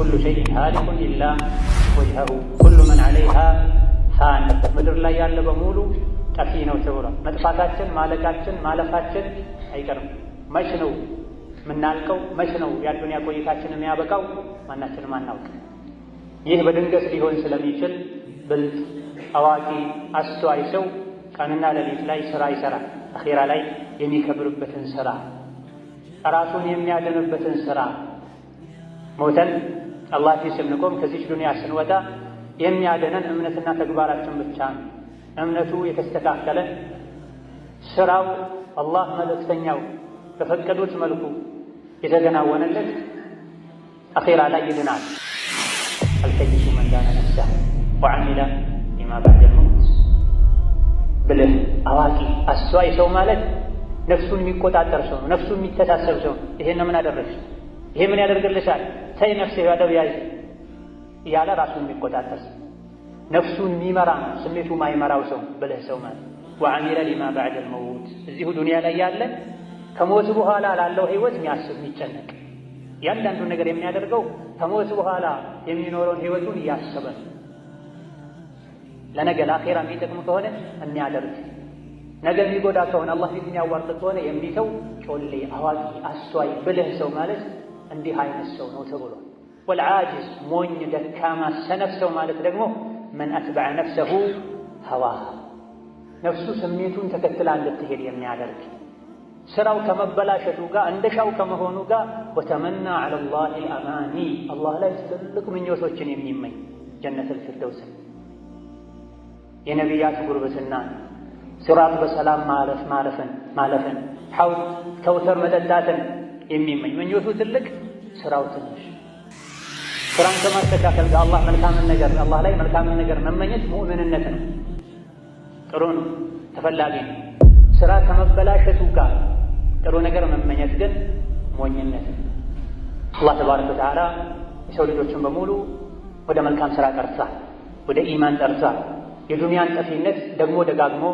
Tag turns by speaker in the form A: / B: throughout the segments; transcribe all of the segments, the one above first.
A: ኩሉ ሸይን ሃሊኩን ኢላ ወጅሀሁ ኩሉ መን ዓለይሃ ፋን። ምድር ላይ ያለ በሙሉ ጠፊ ነው ተብሏል። መጥፋታችን፣ ማለቃችን፣ ማለፋችን አይቀርም። መች ነው የምናልቀው? መች ነው የአዱንያ ቆይታችን የሚያበቃው? ማናችንም አናውቅ። ይህ በድንገት ሊሆን ስለሚችል ብልጥ አዋቂ አስተዋይ ሰው ቀንና ሌሊት ላይ ስራ ይሰራል። አኼራ ላይ የሚከብርበትን ስራ፣ ራሱን የሚያድንበትን ስራ ሞተን አላህ ፊት ስንቆም ከዚች ዱንያ ስንወጣ የሚያደነን እምነትና ተግባራችን ብቻ ነው። እምነቱ የተስተካከለ ስራው አላህ መልእክተኛው በፈቀዱት መልኩ የተከናወነለት አኼራ ላይ ይድናል። አልከይሱ መን ዳነ ነፍሰሁ ሊማ በዕደል መውት። ብልህ አዋቂ አስተዋይ ሰው ማለት ነፍሱን የሚቆጣጠር ሰው ነው። ነፍሱን የሚተሳሰብ ሰው ነው። ይሄን ምን አደረግሽ ይሄ ምን ያደርግልሻል? ተይ ነፍሴ አደብ ያዥ እያለ ራሱን የሚቆጣጠር ነፍሱን የሚመራ ስሜቱ ማይመራው ሰው ብልህ ሰው ማለት ወአሚለ ሊማ ባዕደል መውት እዚሁ ዱንያ ላይ ያለ ከሞት በኋላ ላለው ህይወት የሚያስብ የሚጨነቅ እያንዳንዱ ነገር የሚያደርገው ከሞት በኋላ የሚኖረውን ህይወቱን እያሰበ ለነገ ለአኼራ የሚጠቅም ከሆነ የሚያደርግ ነገ የሚጎዳ ከሆነ አላህ ፊት የሚያዋርቅ ከሆነ የሚተው ጮሌ አዋቂ አስተዋይ ብልህ ሰው ማለት እንዲህ አይነት ሰው ነው ተብሏል። ወልዓጅዝ ሞኝ፣ ደካማ፣ ሰነፍ ሰው ማለት ደግሞ መን አትበዐ ነፍሰሁ ሀዋ ነፍሱ ስሜቱን ተከትላ እንድትሄድ የሚያደርግ ስራው ከመበላሸቱ ጋር እንደሻው ከመሆኑ ጋር ወተመና ዐለላሂ አማኒ አላህ ላይ ትልቅ ምኞቶችን የሚመኝ ጀነተል ፊርደውስን የነቢያት ጉርብትና ሲራጥ በሰላም ማለፍን ማለፍን ሐውድ ከውተር መጠጣትን የሚመኝ ምኞቱ ትልቅ፣ ስራው ትንሽ። ስራን ከማስተካከል በአላህ መልካምን ነገር አላህ ላይ መልካምን ነገር መመኘት ሙእምንነት ነው። ጥሩ ነው፣ ተፈላጊ ነው። ስራ ከመበላሸቱ ጋር ጥሩ ነገር መመኘት ግን ሞኝነት ነው። አላህ ተባረከ ወተዓላ የሰው ልጆችን በሙሉ ወደ መልካም ስራ ጠርሳ ወደ ኢማን ጠርሳ የዱንያን ጠፊነት ደግሞ ደጋግሞ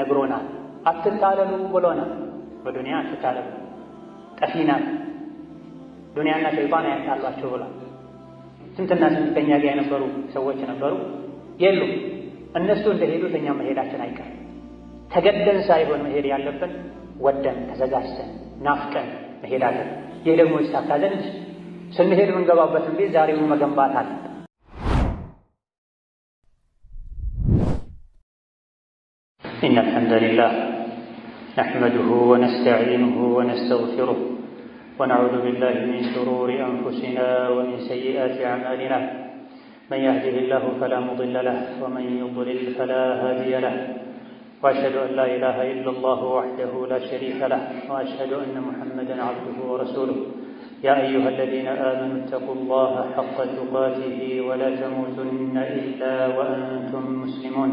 A: ነግሮናል። አትታለሉ ብሎናል። በዱንያ አትታለሉ ጠፊ ናት፣ ዱንያና ሸይጣን ያጣሏቸው ብሏል። ስንትና ስንት ከኛ ጋር የነበሩ ሰዎች ነበሩ የሉም። እነሱ እንደሄዱት እኛም መሄዳችን አይቀርም። ተገደን ሳይሆን መሄድ ያለብን ወደን ተዘጋጅተን ናፍቀን መሄድ አለን። ይህ ደግሞ ይሳካ ዘንድ ስንሄድ የምንገባበትን ቤት ዛሬው መገንባት አለ። ኢነ አልሐምዱሊላህ نحمده ونستعينه ونستغفره ونعوذ بالله من شرور أنفسنا ومن سيئات أعمالنا من يهده الله فلا مضل له ومن يضلل فلا هادي له وأشهد أن لا إله إلا الله وحده لا شريك له وأشهد أن محمدا عبده ورسوله يا أيها الذين آمنوا اتقوا الله حق تقاته ولا تموتن إلا وأنتم مسلمون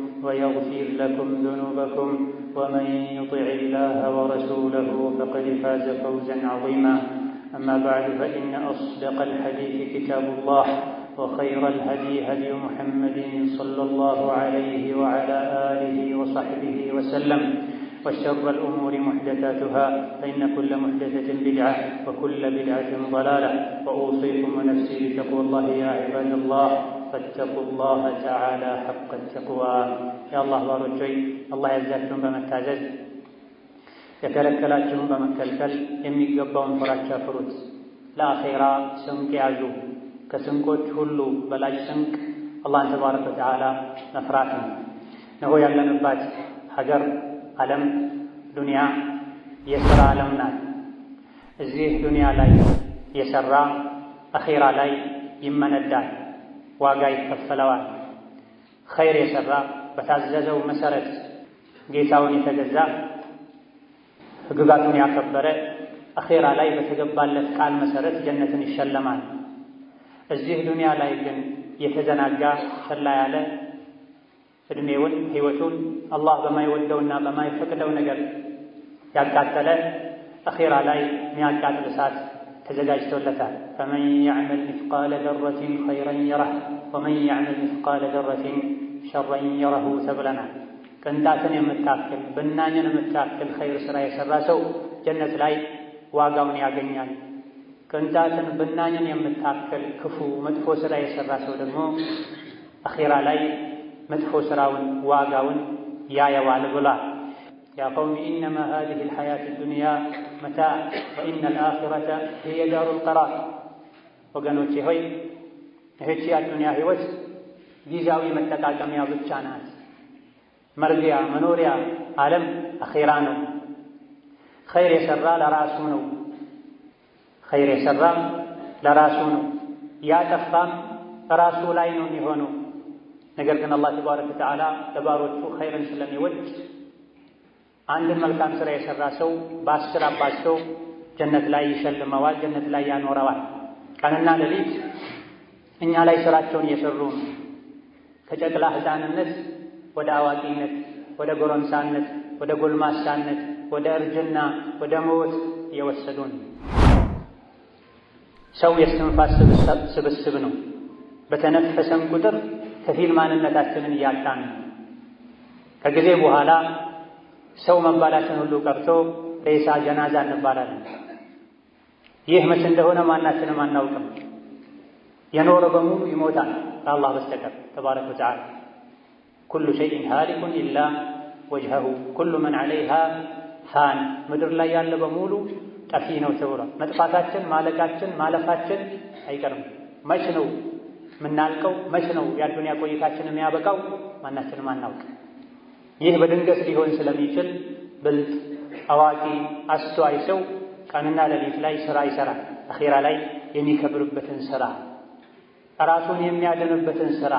A: ويغفر لكم ذنوبكم ومن يطع الله ورسوله فقد فاز فوزا عظيما أما بعد فإن أصدق الحديث كتاب الله وخير الهدي هدي محمد صلى الله عليه وعلى آله وصحبه وسلم وشر الأمور محدثاتها فإن كل محدثة بدعة وكل بدعة ضلالة وأوصيكم ونفسي بتقوى الله يا عباد الله فاتقوا الله تعالى حق التقوى يا الله ورجوي الله يجزاكم بما تعزز يكلكلاتكم بما كلكل يمي قبون فراتشا فروت لا خيرا سمك عزو كسمكو تهلو بلا سمك الله تبارك وتعالى نفراتنا نهو يعلم الباتي حجر ألم دنيا يسرى ألمنا الزيه دنيا لا يسرى أخيرا لا يمن الدائم ዋጋ ይከፈለዋል። ኸይር የሠራ በታዘዘው መሠረት ጌታውን የተገዛ ሕግጋቱን ያከበረ አኼራ ላይ በተገባለት ቃል መሠረት ጀነትን ይሸለማል። እዚህ ዱንያ ላይ ግን የተዘናጋ ችላ ያለ ዕድሜውን ሕይወቱን አላህ በማይወደውና በማይፈቅደው ነገር ያቃጠለ አኼራ ላይ የሚያቃጥል እሳት تزداجت لك فمن يعمل مثقال ذرة خيرا يره ومن يعمل مثقال ذرة شرا يره سبلنا كن تبلنا كنداتن يمتاكل بنان التاكل خير سرا يسراسو جنة لاي واقعون ياغنيان كنداتن بنان التاكل كفو مدفو سرا يسراسو دمو أخيرا لاي مدفو سراون واقعون يايا والبلا قوم إنما هذه الحياة الدنيا متاع وإن الآخرة هي دار القرار وقالوا تهوي هيتشي الدنيا هي وجه دي جاوي متكا كم الشانات مرجع منوريا عالم أخيرانا خير يسرى لراسونو خير يسرى لراسونو يا تفقى رسولين يهونه نقل كان الله تبارك وتعالى تبارك وتعالى خيرا سلم يوجه አንድን መልካም ሥራ የሰራ ሰው አባቸው ጀነት ላይ ይሸልመዋል፣ ጀነት ላይ ያኖረዋል። ቀንና ሌሊት እኛ ላይ ሥራቸውን እየሰሩ ነው። ከጨቅላ ሕፃንነት ወደ አዋቂነት፣ ወደ ጎረምሳነት፣ ወደ ጎልማሳነት፣ ወደ እርጅና፣ ወደ ሞት እየወሰዱን። ሰው የስትንፋስ ስብስብ ነው። በተነፈሰን ቁጥር ከፊል ማንነታችንን እያጣን ነው። ከጊዜ በኋላ ሰው መባላችን ሁሉ ቀርቶ ሬሳ ጀናዛ እንባላለን። ይህ መቼ እንደሆነ ማናችንም አናውቅም። የኖረ በሙሉ ይሞታል ከአላህ በስተቀር ተባረከ ወተዓላ። ኩሉ ሸይን ሃሊኩን ኢላ ወጅሀሁ ኩሉ መን ዓለይሃ ፋን። ምድር ላይ ያለ በሙሉ ጠፊ ነው ተብሏል። መጥፋታችን፣ ማለቃችን፣ ማለፋችን አይቀርም። መች ነው የምናልቀው? መች ነው የአዱንያ ቆይታችን የሚያበቃው? ማናችንም አናውቅ ይህ በድንገት ሊሆን ስለሚችል ብልጥ አዋቂ አስተዋይ ሰው ቀንና ሌሊት ላይ ስራ ይሰራል። አኼራ ላይ የሚከብርበትን ስራ፣ ራሱን የሚያድንበትን ስራ።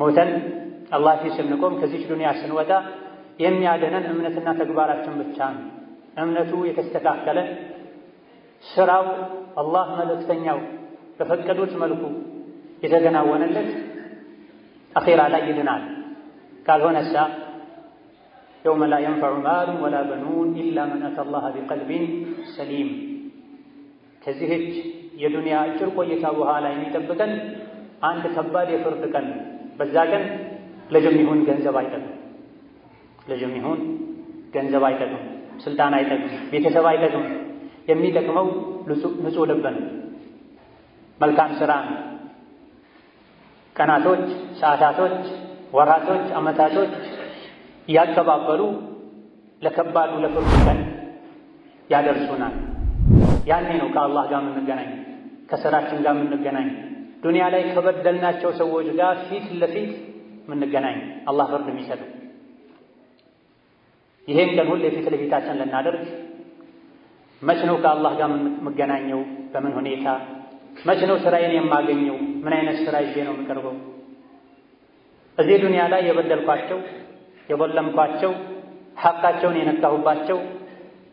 A: ሞተን አላህ ፊት ስንቆም ከዚች ዱንያ ስንወጣ የሚያድነን እምነትና ተግባራችን ብቻ ነው። እምነቱ የተስተካከለ ስራው አላህ መልእክተኛው በፈቀዱት መልኩ የተከናወነለት አኼራ ላይ ይድናል። ካልሆነሳ የውመ ላ የንፈዑ ማሉ ወላ በኑን ኢላ መን አተላህ ቢቀልቢን ሰሊም። ከዚህች የዱንያ አጭር ቆይታ በኋላ የሚጠብቀን አንድ ከባድ የፍርድ ቀን። በዛ ቀን ልጅም ይሁን ገንዘብ አይጠቅም፣ ልጅም ይሁን ገንዘብ አይጠቅም፣ ስልጣን አይጠቅም፣ ቤተሰብ አይጠቅም። የሚጠቅመው ንጹሕ ልብ ነው፣ መልካም ስራ ነው። ቀናቶች፣ ሰዓታቶች ወራቶች፣ አመታቶች እያቀባበሉ ለከባዱ ለፍርዱ ቀን ያደርሱናል። ያኔ ነው ከአላህ ጋር የምንገናኝ፣ ከስራችን ጋር የምንገናኝ፣ ዱንያ ላይ ከበደልናቸው ሰዎች ጋር ፊት ለፊት የምንገናኝ አላህ ፍርድ የሚሰጠው። ይሄን ቀን ሁሌ ፊት ለፊታችን ልናደርግ መች ነው ከአላህ ጋር የምገናኘው? በምን ሁኔታ መች ነው ስራዬን የማገኘው? ምን አይነት ስራ ይዤ ነው የምቀርበው? እዚህ ዱንያ ላይ የበደልኳቸው የበለምኳቸው ሐቃቸውን የነካሁባቸው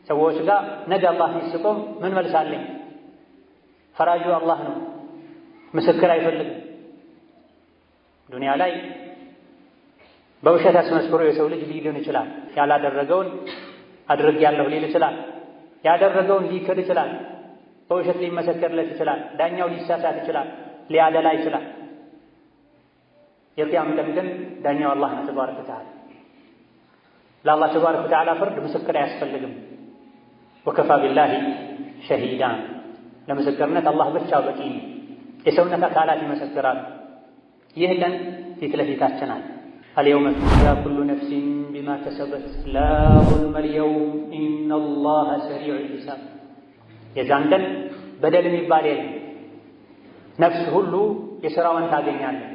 A: ሰዎች ጋር ነገ አላህ ፊት ስቆም ምን መልሳለኝ? ፈራጁ አላህ ነው፣ ምስክር አይፈልግም። ዱንያ ላይ በውሸት አስመስክሮ የሰው ልጅ ሊድን ይችላል። ያላደረገውን አድርጌያለሁ ሊል ይችላል። ያደረገውን ሊክድ ይችላል። በውሸት ሊመሰከርለት ይችላል። ዳኛው ሊሳሳት ይችላል። ሊያደላ ይችላል። የቅያም ቀን ግን ዳኛው አላህ ነው ተባረከ ወተዓላ። ለአላህ ተባረከ ወተዓላ ፍርድ ምስክር አያስፈልግም። ወከፋ ቢላሂ ሸሂዳን ለምስክርነት አላህ ብቻ በቂ ነው። የሰውነት አካላት ይመሰክራሉ። ይህ ቀን ፊት ለፊታችን አለ። አልየውመ ትጅዛ ኩሉ ነፍሲን ቢማ ከሰበት ላ ዙልመ ልየውም ኢነላሃ ሰሪዑ ልሒሳብ። የዛን ቀን በደል የሚባል የለም። ነፍስ ሁሉ የሥራዋን ታገኛለች።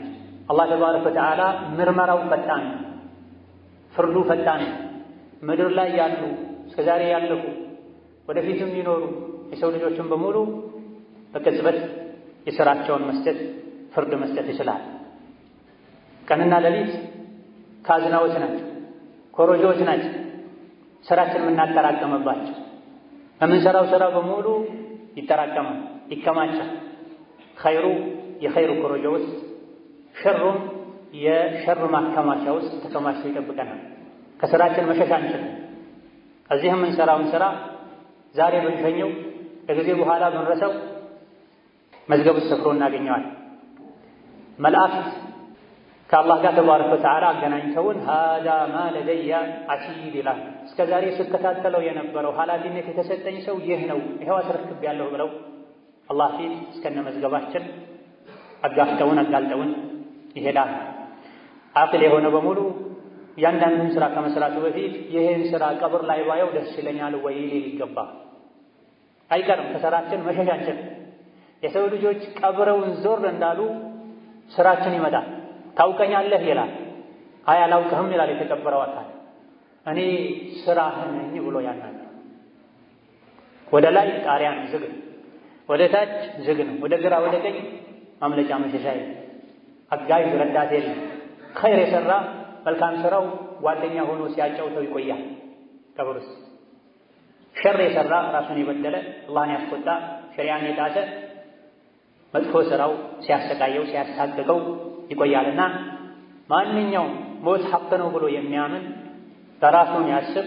A: አላህ ተባረከ ወተዓላ ምርመራው ፈጣን ነው፣ ፍርዱ ፈጣን ነው። ምድር ላይ ያሉ እስከዛሬ ያለፉ ወደፊትም ይኖሩ የሰው ልጆችን በሙሉ በቅጽበት የሥራቸውን መስጠት ፍርድ መስጠት ይችላል። ቀንና ሌሊት ካዝናዎች ናቸው፣ ኮረጆዎች ናቸው። ሥራችን የምናጠራቀምባቸው በምንሠራው ሥራ በሙሉ ይጠራቀማል፣ ይከማቻል። ኸይሩ የኸይሩ ኮረጆ ውስጥ ሸሩም የሸር ማከማቻ ውስጥ ተከማችቶ ይጠብቀናል። ከስራችን መሸሻ አንችልም። እዚህ የምንሰራውን ስራ ዛሬ ብንሸኘው ከጊዜ በኋላ ብንረሰው መዝገብ ውስጥ ሰፍሮ እናገኘዋል። መላእክት ከአላህ ጋር ተባረከ ወተዓላ አገናኝተውን ሃዳ ማ ለደያ አቲድ ይላል። እስከ ዛሬ ስከታተለው የነበረው ኃላፊነት የተሰጠኝ ሰው ይህ ነው፣ ይኸው አስረክብ ያለሁ ብለው አላህ ፊት እስከነ መዝገባችን አጋፍጠውን አጋልጠውን ይሄዳል። አቅል የሆነ በሙሉ እያንዳንዱን ስራ ከመስራቱ በፊት ይህን ስራ ቀብር ላይ ባየው ደስ ይለኛል ወይ ሊል ይገባ አይቀርም። ከሰራችን መሸሻችን የሰው ልጆች ቀብረውን ዞር እንዳሉ ስራችን ይመጣል። ታውቀኛለህ ይላል። አይ አላውቅህም ይላል የተቀበረው አካል። እኔ ስራህን ነኝ ብሎ ያናል። ወደ ላይ ጣሪያን ዝግ ነው፣ ወደ ታች ዝግ ነው፣ ወደ ግራ ወደ ቀኝ ማምለጫ መሸሻ አጋዥ ረዳት የለም። ኸይር የሠራ መልካም ሥራው ጓደኛ ሆኖ ሲያጫውተው ይቆያል። ቀብር ውስጥ ሸር የሠራ ራሱን የበደለ አላህን ያስቆጣ ሸሪዓን የጣሰ መጥፎ ሥራው ሲያሰቃየው ሲያሳቅቀው ይቆያልና ማንኛውም ሞት ሐቅ ነው ብሎ የሚያምን በራሱን ያስብ።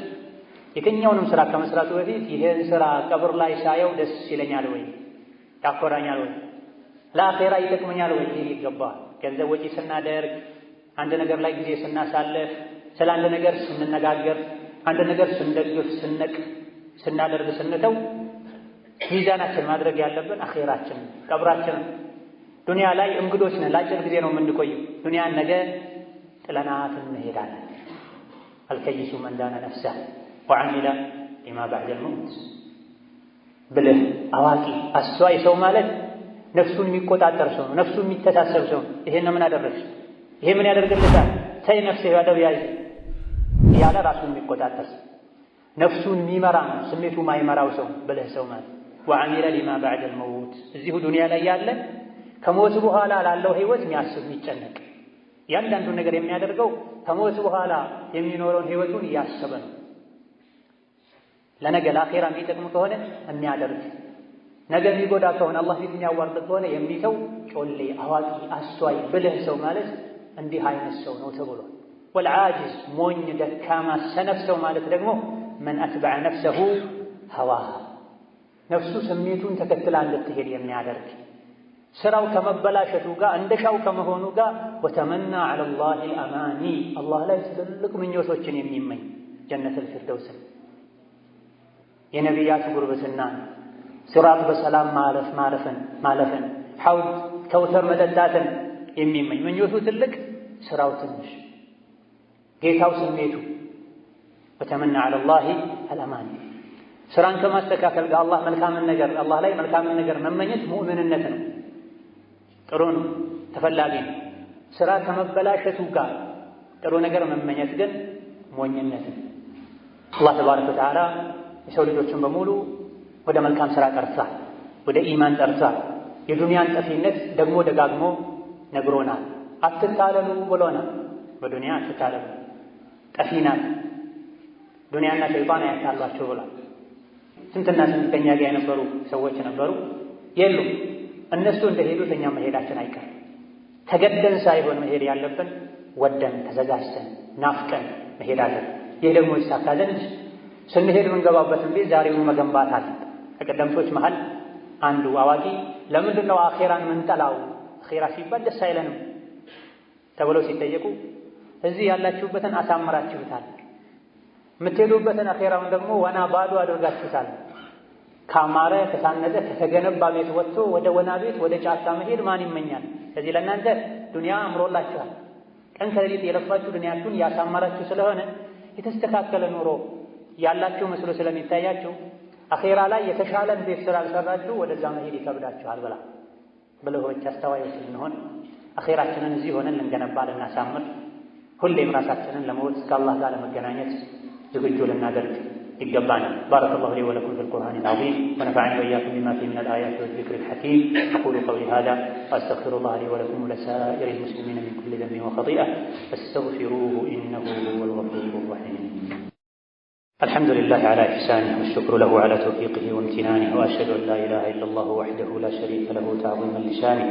A: የትኛውንም ሥራ ከመስራቱ በፊት ይህን ሥራ ቀብር ላይ ሳየው ደስ ይለኛል ወይ ያኮራኛል ወይ ለአኼራ ይጠቅመኛል ወይ ይል ይገባዋል። ገንዘብ ወጪ ስናደርግ፣ አንድ ነገር ላይ ጊዜ ስናሳልፍ፣ ስለ አንድ ነገር ስንነጋገር፣ አንድ ነገር ስንደግፍ፣ ስንቅ፣ ስናደርግ፣ ስንተው ሚዛናችን ማድረግ ያለብን አኼራችን ቀብራችን። ዱንያ ላይ እንግዶች ነን፣ ለአጭር ጊዜ ነው የምንቆየው። ዱንያን ነገ ጥለናት እንሄዳለን። አልከይሱ መንዳነ ነፍሳ ወዓሚላ ሊማ ባዕደል መውት ብልህ አዋቂ አስተዋይ ሰው ማለት ነፍሱን የሚቆጣጠር ሰው ነው። ነፍሱን የሚተሳሰብ ሰው ነው። ይሄን ነው ምን አደረግሽ? ይሄ ምን ያደርግልታል? ተይ ነፍስ ያደብ ያይ እያለ ራሱን የሚቆጣጠር ሰው ነፍሱን የሚመራ ነው። ስሜቱ ማይመራው ሰው ብልህ ሰው ማለት ወአሚለ ሊማ ባዕደ ልመውት እዚሁ ዱንያ ላይ ያለ ከሞት በኋላ ላለው ህይወት የሚያስብ የሚጨነቅ እያንዳንዱን ነገር የሚያደርገው ከሞት በኋላ የሚኖረውን ህይወቱን እያሰበ ነው። ለነገ ለአኼራ የሚጠቅም ከሆነ የሚያደርግ ነገ የሚጎዳ ከሆነ አላህ ፊት የሚያዋርድ ከሆነ የሚተው ጮሌ፣ አዋቂ፣ አስተዋይ፣ ብልህ ሰው ማለት እንዲህ አይነት ሰው ነው ተብሏል። ወልዓጅዝ ሞኝ፣ ደካማ፣ ሰነፍ ሰው ማለት ደግሞ መን አትበዐ ነፍሰሁ ሀዋ ነፍሱ ስሜቱን ተከትላ እንድትሄድ የሚያደርግ ስራው ከመበላሸቱ ጋር እንደሻው ከመሆኑ ጋር ወተመና አላህ አማኒ አላህ ላይ ትልቅ ምኞቶችን የሚመኝ ጀነት ፊርደውስን የነቢያት ጉርብትና ሲራጥ በሰላም ማለፍ ማለፍን ማለፍን ሐውድ ከውተር መጠጣትን የሚመኝ ምኞቱ ትልቅ ስራው ትንሽ ጌታው ስሜቱ ወተመና አለላሂ ላሂ አልአማኒ ስራን ከማስተካከል ጋር አላህ መልካምን ነገር አላህ ላይ መልካምን ነገር መመኘት ሙእምንነት ነው ጥሩ ነው ተፈላጊ ነው ስራ ከመበላሸቱ ጋር ጥሩ ነገር መመኘት ግን ሞኝነት ነው አላህ ተባረከ ወተዓላ የሰው ልጆችን በሙሉ ወደ መልካም ሥራ ጠርቷል፣ ወደ ኢማን ጠርቷል። የዱንያን ጠፊነት ደግሞ ደጋግሞ ነግሮናል። አትታለሉ ብሎናል። በዱንያ አትታለሉ ጠፊ ናት ዱንያና ሸይጣን ያታሏቸው ብሏል። ስንትና ስንት ከእኛ ጋር የነበሩ ሰዎች ነበሩ የሉም። እነሱ እንደሄዱት እኛም መሄዳችን አይቀርም። ተገደን ሳይሆን መሄድ ያለብን ወደን ተዘጋጅተን ናፍቀን መሄድ አለን። ይህ ደግሞ ይሳካ ዘንድ ስንሄድ የምንገባበትን ቤት ዛሬውኑ መገንባት አለብን። ከቀደምቶች መሃል አንዱ አዋቂ ለምንድን ነው አኼራን ምንጠላው? አኼራ ሲባል ደስ አይለንም ተብለው ሲጠየቁ እዚህ ያላችሁበትን አሳምራችሁታል፣ የምትሄዱበትን አኼራውን ደግሞ ወና ባዶ አድርጋችሁታል። ካማረ ከሳነጠ ከተገነባ ቤት ወጥቶ ወደ ወና ቤት ወደ ጫካ መሄድ ማን ይመኛል? ስለዚህ ለእናንተ ዱንያ አምሮላችኋል። ቀን ከሌሊት የለፋችሁ ዱንያችሁን ያሳመራችሁ ስለሆነ የተስተካከለ ኑሮ ያላችሁ መስሎ ስለሚታያችሁ አኼራ ላይ የተሻለ ቤት ስላልሰራችሁ ወደዛ መሄድ ይከብዳችኋል ብላ ብልሆች አስተዋዮች እንሆን። አኼራችንን እዚህ ሆነን ልንገነባ ልናሳምር፣ ሁሌም ራሳችንን ለመውት ከአላህ ጋር ለመገናኘት ዝግጁ ልናደርግ ይገባናል። ባረከ ላሁ ሊ ወለኩም ፊ ልቁርአን ልዓዚም ወነፈዐኒ ወኢያኩም ቢማ ፊህ ሚነል አያት ወዚክር ልሐኪም አቁሉ ቀውሊ ሃዛ ወአስተግፊሩ ላህ ሊ ወለኩም ወለሳኢሪ ልሙስሊሚን ሚን ኩሊ ዘንቢን ወኸጢአ ፈስተግፊሩሁ ኢነሁ ሁወል ገፉሩ ረሒም الحمد لله على إحسانه والشكر له على توفيقه وامتنانه وأشهد أن لا إله إلا الله وحده لا شريك له تعظيما لشانه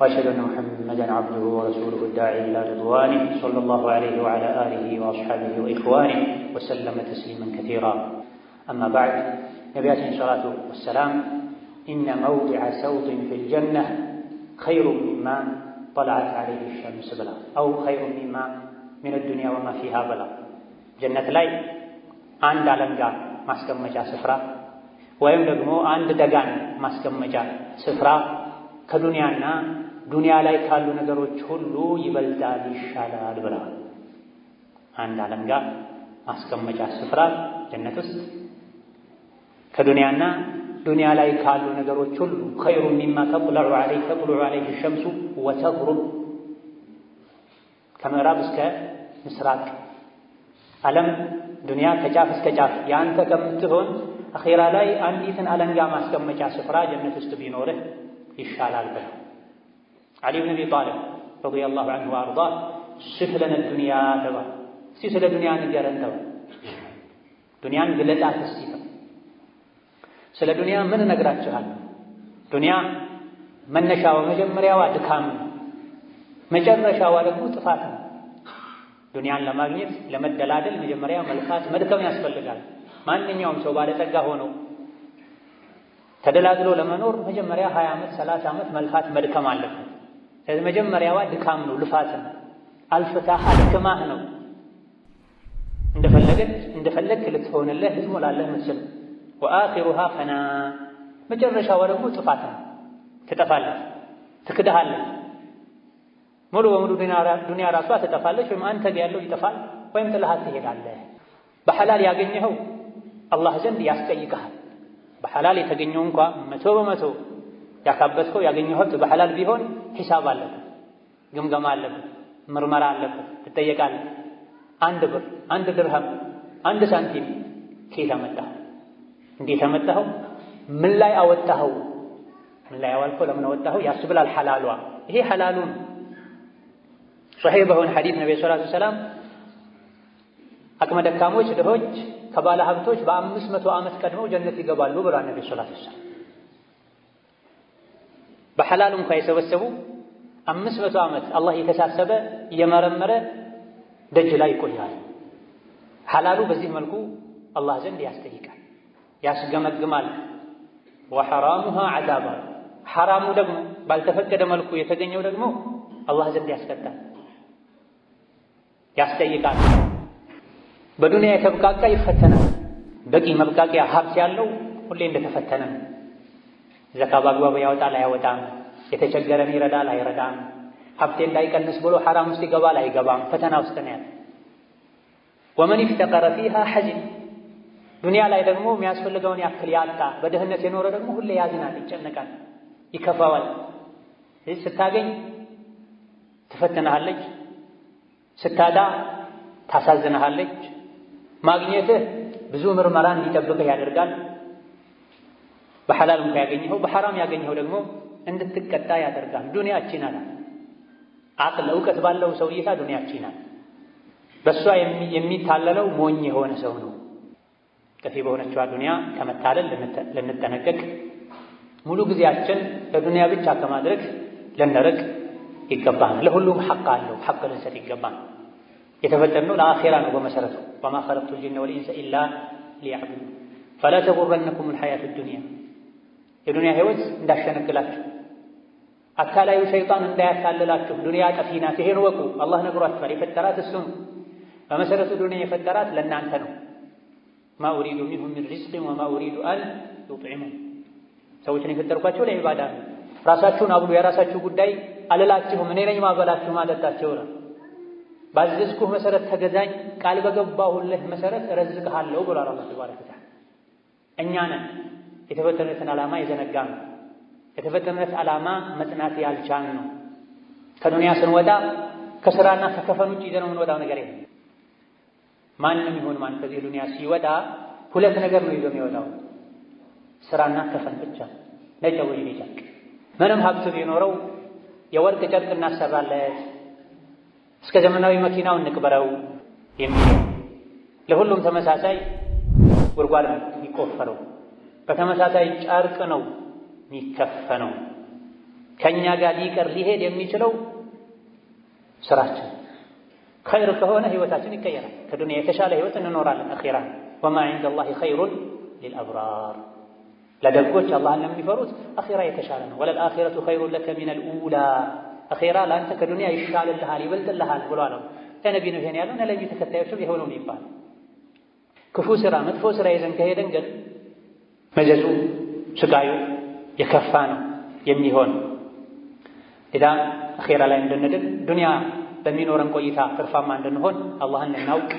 A: وأشهد أن محمدا عبده ورسوله الداعي إلى رضوانه صلى الله عليه وعلى آله وأصحابه وإخوانه وسلم تسليما كثيرا أما بعد نبيات الصلاة والسلام إن موضع سوط في الجنة خير مما طلعت عليه الشمس بلا أو خير مما من الدنيا وما فيها بلا جنة ليل አንድ አለንጋ ማስቀመጫ ስፍራ ወይም ደግሞ አንድ ደጋን ማስቀመጫ ስፍራ ከዱንያና ዱንያ ላይ ካሉ ነገሮች ሁሉ ይበልጣል፣ ይሻላል ብለዋል። አንድ አለንጋ ማስቀመጫ ስፍራ ጀነት ውስጥ ከዱንያና ዱንያ ላይ ካሉ ነገሮች ሁሉ ኸይሩ ሚማ ተጥለዑ ዐለይህ ተጥለዑ ዐለይህ ሸምሱ ወተግሩብ ከምዕራብ እስከ ምስራቅ ዓለም ዱንያ ከጫፍ እስከ ጫፍ የአንተ ከምትሆን አኼራ ላይ አንዲትን አለንጋ ማስቀመጫ ስፍራ ጀነት ውስጥ ቢኖርህ ይሻላል ብለው አሊ ብን አቢ ጣሊብ ረዲየላሁ ዐንሁ ወአርዳ ሽፍ ዱንያ ተባ እስቲ ስለ ዱንያ ንገረን ተባለ። ዱንያን ግለጣት እስቲ ስለ ዱንያ ምን እነግራችኋል? ዱንያ መነሻዋ መጀመሪያዋ ድካም ነው፣ መጨረሻዋ ደግሞ ጥፋት ነው። ዱንያን ለማግኘት ለመደላደል መጀመሪያ መልፋት መድከም ያስፈልጋል። ማንኛውም ሰው ባለጸጋ ሆኖ ተደላድሎ ለመኖር መጀመሪያ 20 ዓመት 30 ዓመት መልፋት መድከም አለበት። ስለዚህ መጀመሪያዋ ድካም ነው፣ ልፋት ነው፣ አልፍታህ አድክማህ ነው እንደፈለገች እንደፈለግ ልትሆንልህ ልትሞላለህ ምትችል ወአኺሩሃ ፈና መጨረሻዋ ደግሞ ጥፋት ነው። ትጠፋለህ፣ ትክድሃለህ ሙሉ በሙሉ ዱንያ ራሷ ትጠፋለች፣ ወይም አንተ ያለው ይጠፋል፣ ወይም ጥልሃት ትሄዳለህ። በሐላል ያገኘኸው አላህ ዘንድ ያስጠይቅሃል። በሐላል የተገኘው እንኳ መቶ በመቶ ያካበትከው ያገኘው ሀብት በሐላል ቢሆን ሂሳብ አለበት፣ ግምገማ አለበት፣ ምርመራ አለበት፣ ትጠየቃለህ። አንድ ብር፣ አንድ ድርሃም፣ አንድ ሳንቲም ከየት እንዴ እንዴት አመጣኸው? ምን ላይ አወጣኸው? ምን ላይ አዋልከው? ለምን አወጣኸው? ያስብላል። ሐላሏ ይሄ ሐላሉን ሶሒህ በሆነ ሐዲት ነቢ ሰለላሁ ዐለይሂ አቅመ ደካሞች፣ ድሆች ከባለ ሀብቶች በአምስት መቶ ዓመት ቀድመው ጀነት ይገባሉ ብሏል ነቢ ሰለላሁ ዐለይሂ በሐላል እንኳ የሰበሰቡ አምስት መቶ ዓመት አላህ እየተሳሰበ እየመረመረ ደጅ ላይ ይቆያል። ሐላሉ በዚህ መልኩ አላህ ዘንድ ያስጠይቃል፣ ያስገመግማል። ወሐራሙሃ ዐዛባ ሐራሙ ደግሞ ባልተፈቀደ መልኩ የተገኘው ደግሞ አላህ ዘንድ ያስቀጣል። ያስጠይቃል። በዱንያ የተብቃቃ ይፈተናል። በቂ መብቃቂያ ሀብት ያለው ሁሌ እንደተፈተነ ነው። ዘካ በአግባቡ ያወጣል አያወጣም፣ የተቸገረን ይረዳል አይረዳም፣ ሀብቴ እንዳይቀንስ ብሎ ሐራም ውስጥ ይገባል አይገባም፣ ፈተና ውስጥ ነው ያለ። ወመን ይፍተቀረ ፊሃ ሐዚን ዱንያ ላይ ደግሞ የሚያስፈልገውን ያክል ያጣ በድህነት የኖረ ደግሞ ሁሌ ያዝናል፣ ይጨነቃል፣ ይከፋዋል። ስታገኝ ትፈትናሃለች ስታጣ ታሳዝንሃለች። ማግኘትህ ብዙ ምርመራ እንዲጠብቅህ ያደርጋል። በሐላል እንኳ ያገኘኸው በሐራም ያገኘኸው ደግሞ እንድትቀጣ ያደርጋል። ዱንያችን አላ አቅል እውቀት ባለው ሰው እይታ ዱንያችን አላ በእሷ የሚታለለው ሞኝ የሆነ ሰው ነው። ጥፊ በሆነችዋ ዱንያ ከመታለል ልንጠነቀቅ፣ ሙሉ ጊዜያችን ለዱንያ ብቻ ከማድረግ ልንርቅ ይገባል። ለሁሉም ሐቅ አለው። ሐቅ ልንሰጥ ይገባል። የተፈጠርነው ለአኼራ ነው በመሰረቱ ወማ ኸለቅቱል ጂነ ወልኢንሰ ኢላ ሊያዕቡዱ ፈላ ተጉረነኩም ልሐያቱ ዱንያ የዱንያ ህይወት እንዳሸነግላችሁ አታላዩ ሸይጣን እንዳያታልላችሁ ዱንያ ጠፊ ናት። ይሄን ወቁ። አላህ ነግሯችኋል። የፈጠራት እሱ ነው። በመሰረቱ ዱንያ የፈጠራት ለእናንተ ነው። ማ ኡሪዱ ሚንሁም ሚን ሪዝቅን ወማ ኡሪዱ አን ዩጥዒሙን ሰዎችን የፈጠርኳቸው ለዒባዳ ነው። ራሳችሁን አብሉ፣ የራሳችሁ ጉዳይ አልላችሁም እኔ ነኝ ማበላችሁ ማጠጣችሁ ነው። ባዘዝኩህ መሰረት ተገዛኝ፣ ቃል በገባሁልህ መሰረት እረዝቅሃለሁ ብሏል አላህ ተባረከ ወተዓላ። እኛ ነን የተፈተነትን ዓላማ የዘነጋ ነው። የተፈተነነት ዓላማ መጽናት ያልቻል ነው። ከዱንያ ስንወጣ ከስራና ከከፈን ውጭ ይዘነው የምንወጣው ነገር የለም። ማንም ይሁን ማን ከዚህ ዱንያ ሲወጣ ሁለት ነገር ነው ይዞ የሚወጣው ስራና ከፈን ብቻ ነጨ ወይ ምንም ሀብት ቢኖረው የወርቅ ጨርቅ እናሰራለት፣ እስከ ዘመናዊ መኪናው እንቅበረው የሚለው ለሁሉም ተመሳሳይ ጉድጓድ የሚቆፈረው በተመሳሳይ ጨርቅ ነው የሚከፈነው። ከእኛ ጋር ሊቀር ሊሄድ የሚችለው ስራችን ኸይር ከሆነ ህይወታችን ይቀየራል። ከዱንያ የተሻለ ህይወት እንኖራለን። አኺራ ወማ ዒንደላሂ ኸይሩን ሊልአብራር لذلك قلت الله أن لم يفروت أخيرا يتشالنا ولا الآخرة خير لك من الأولى أخيرا لأنت كدنيا يشال لها لبلد لها قلوا لهم أنا بينا فيني أنا لم يتكتا يشوف يهولون يبال كفوس رامت فوس رايزن كهيدا قل مجزو سقايو يكفانا يميهون إذا أخيرا لا يمدن دنيا بمين ورن كويتا كرفا ما عندن هون الله أن نوك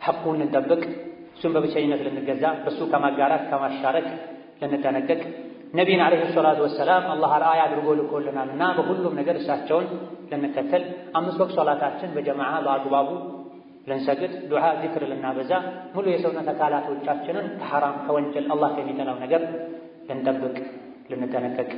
A: حقون الدبك ثم بشيء نفل النجزاء بسوكا ما جارك كما شارك ልንጠነቀቅ ነቢይን ዓለይሂ ሰላቱ ወሰላም አላህ አርአያ አድርጎ ልኮልናልና በሁሉም ነገር እሳቸውን ልንከተል፣ አምስት ወቅት ሶላታችን በጀማዓ በአግባቡ ልንሰግድ፣ ዱዓ ዚክር ልናበዛ፣ ሙሉ የሰውነት አካላቶቻችንን ከሐራም ከወንጀል አላህ ከሚጠላው ነገር ልንጠብቅ ልንጠነቀቅ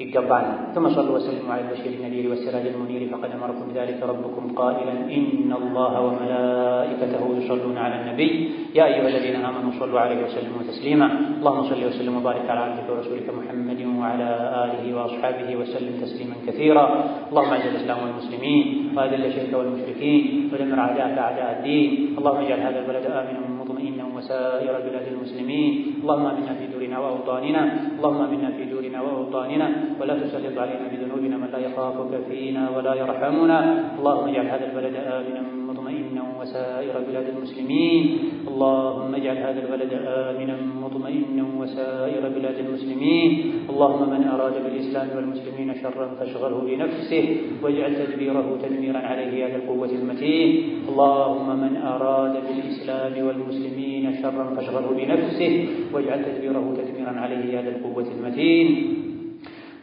A: يقطعنا ثم صلوا وسلموا على البشير النذير والسراج المنير فقد امركم بذلك ربكم قائلا ان الله وملائكته يصلون على النبي يا ايها الذين امنوا صلوا عليه وسلموا تسليما اللهم صل وسلم وبارك على عبدك ورسولك محمد وعلى اله واصحابه وسلم تسليما كثيرا اللهم اعز الاسلام والمسلمين واذل الشرك والمشركين ودمر اعداءك اعداء الدين اللهم اجعل هذا البلد امنا مطمئنا وسائر بلاد المسلمين اللهم امنا في دورنا واوطاننا اللهم امنا في دورنا أهلنا وأوطاننا ولا تسلط علينا بذنوبنا من لا يخافك فينا ولا يرحمنا اللهم اجعل هذا البلد آمنا مطمئنا وسائر بلاد المسلمين اللهم اجعل هذا البلد آمنا مطمئنا وسائر بلاد المسلمين اللهم من أراد بالإسلام والمسلمين شرا فاشغله بنفسه واجعل تدبيره تدميرا عليه يا ذا القوة المتين اللهم من أراد بالإسلام والمسلمين شرا فاشغله بنفسه واجعل تدبيره تدميرا عليه يا ذا القوة المتين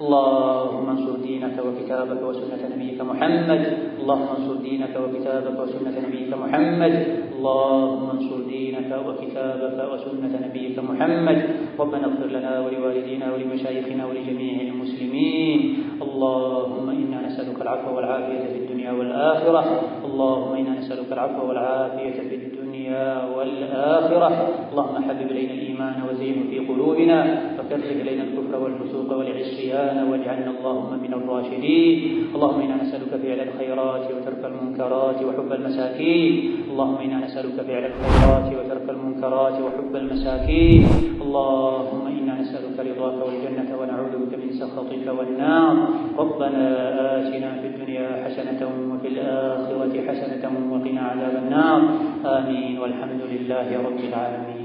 A: اللهم انصر دينك وكتابك وسنة نبيك محمد اللهم انصر دينك وكتابك وسنة نبيك محمد اللهم انصر دينك وكتابك وسنة نبيك محمد ربنا اغفر لنا ولوالدينا ولمشايخنا ولجميع المسلمين اللهم إنا نسألك العفو والعافية في الدنيا والآخرة اللهم إنا نسألك العفو والعافية في والآخرة اللهم حبب إلينا الإيمان وزينه في قلوبنا وكره إلينا الكفر والفسوق والعصيان واجعلنا اللهم من الراشدين اللهم إنا نسألك فعل الخيرات وترك المنكرات وحب المساكين اللهم إنا نسألك فعل الخيرات وترك المنكرات وحب المساكين اللهم إنا نسألك رضاك والجنة ونعوذ سخطك والنار ربنا آتنا في الدنيا حسنة وفي الآخرة حسنة وقنا عذاب النار آمين والحمد لله رب العالمين